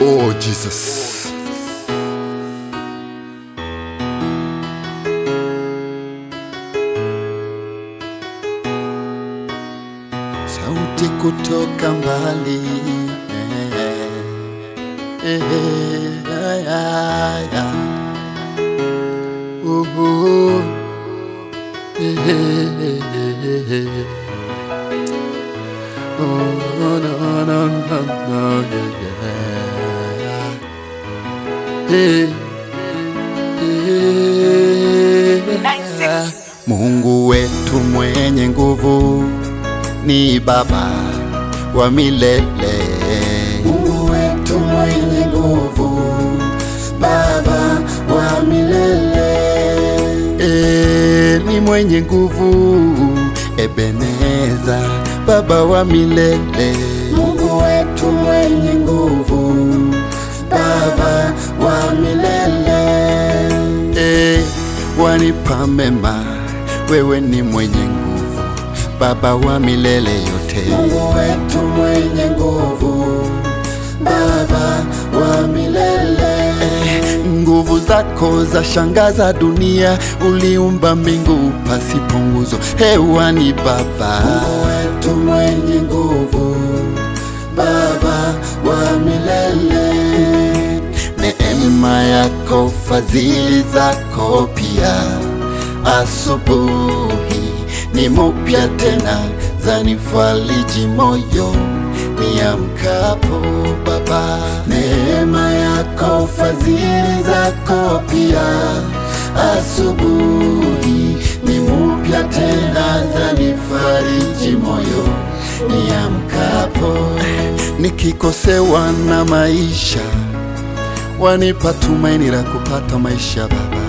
Oh, Jesus. Sauti kutoka mbali Oh, yeah. Mungu wetu mwenye nguvu ni Baba wa milele. Mungu wetu mwenye nguvu, Baba wa milele. E, ni mwenye nguvu Ebeneza, Baba wa milele. Mungu wetu mwenye nguvu, Baba wa milele. E, wanipa mema, wewe ni mwenye nguvu, Baba wa milele yote, Mungu wetu mwenye nguvu, Baba wa milele. E, nguvu zako za shangaza dunia, uliumba mbingu pasipunguzo hewani, Baba Mungu wetu mwenye nguvu, Baba wa milele neema yako, fadhili zako pia. Asubuhi ni mupya tena, zanifariji moyo niamkapo Baba. Neema yako, fadhili zako pia. Asubuhi ni mupya tena, zanifariji moyo niamkapo, nikikosewa na maisha wanipa tumaini la kupata maisha Baba,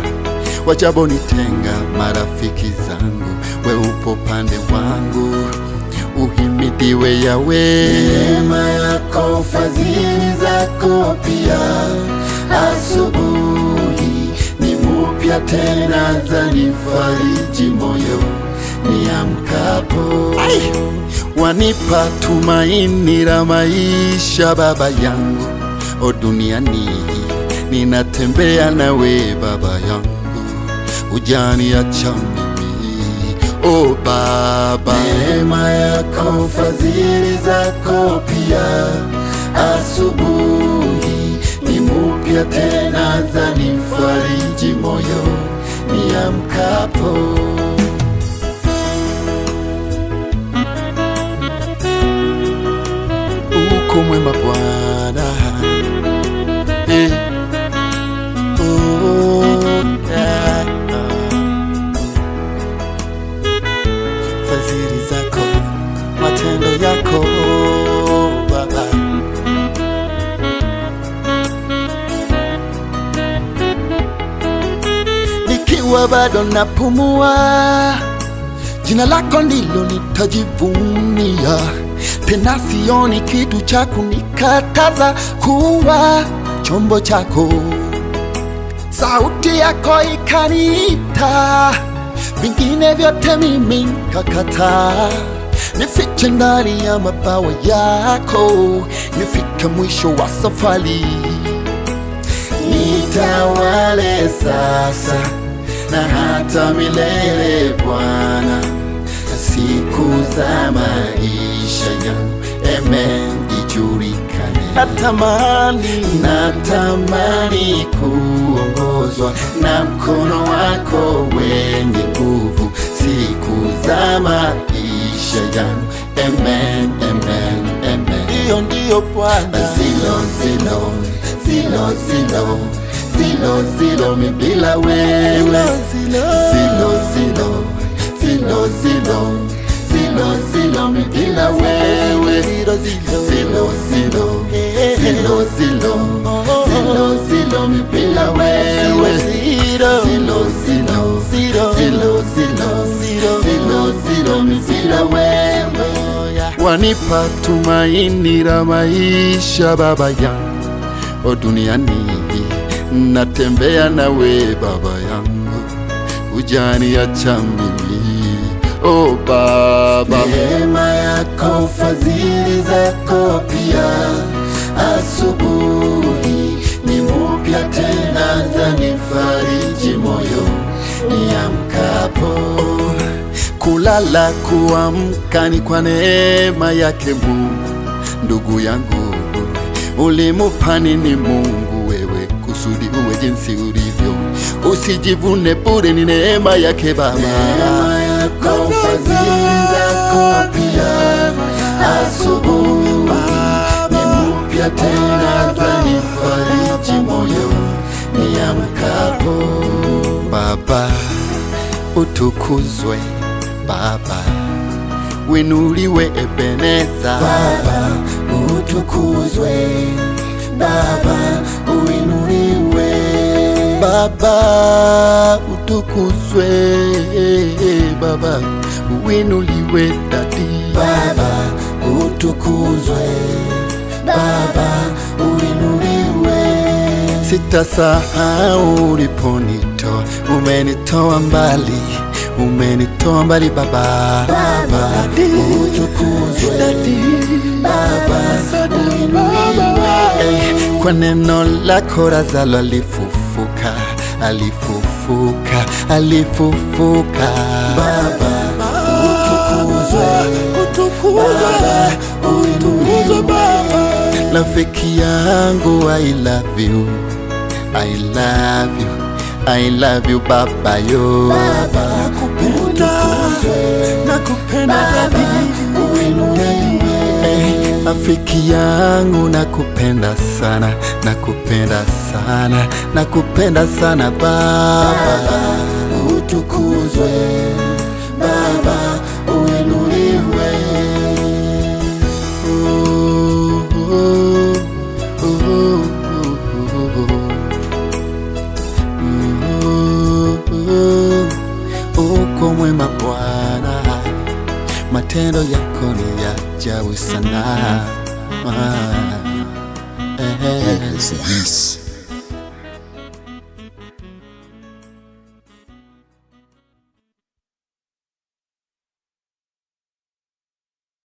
wajabo nitenga marafiki zangu, we upo pande wangu, uhimidiwe Yawe. Neema yako fadhili zako pia, asubuhi ni mupya tena, nifariji moyo niamkapo wanipa tumaini la maisha Baba yangu leo duniani, ninatembea nawe baba yangu, hujaniacha mimi. O Baba, neema yako, fadhili zako pia, asubuhi ni mupya tena, zanifariji moyo niamkapo uko mwema Bwana bado napumua, jina lako ndilo nitajivunia, tena sioni kitu cha kunikataza kuwa chombo chako. Sauti yako ikaniita, vingine vyote mimi nkakataa. Nifiche ndani ya mabawa yako, nifike mwisho wa safari. Nitawale sasa na hata milele Bwana, siku za maisha yangu amen ijulikane. Natamani, natamani kuongozwa na mkono wako wenye nguvu siku za maisha yangu amen, amen, amen. Ndiyo, ndiyo Bwana, zilo zilo zilo zilo silo silo mi bila wewe silo silo silo silo silo silo mi bila wewe silo silo silo silo silo oh. silo mi bila wewe silo silo silo silo silo silo silo silo silo mi bila wewe wanipa tumaini la maisha baba ya o duniani natembea nawe baba yangu, hujaniacha mimi. Oh Baba, neema yako, fadhili zako pia, asubuhi ni mupya tena, zanifariji moyo niamkapo. Kulala kuamka ni kwa neema yake Mungu. Ndugu yangu, ulimupani ni Mungu kusudi uwe jinsi ulivyo. Usijivune, bure ni neema yake Baba. Neema pia, ni tena, moyo Baba utukuzwe, Baba winuliwe, Ebeneza Baba utukuzwe Baba uinuliwe, Baba utukuzwe, Baba uinuliwe dadi, Baba utukuzwe, Baba uinuliwe. Sitasahau uliponito, umenitoa mbali, umenitoa mbali Baba, Baba utukuzwe, Baba uinuliwe hey, kwa neno lako razalo alifufuka, alifufuka, alifufuka. Baba utukuzwe, utukuzwe, utukuzwe Baba. Rafiki yangu I love you, I love you, I love you Baba yo. Baba nakupenda, nakupenda, uinuliwe rafiki yangu, nakupenda sana, nakupenda sana, nakupenda sana Baba, utukuzwe naman. Eh, eh, eh,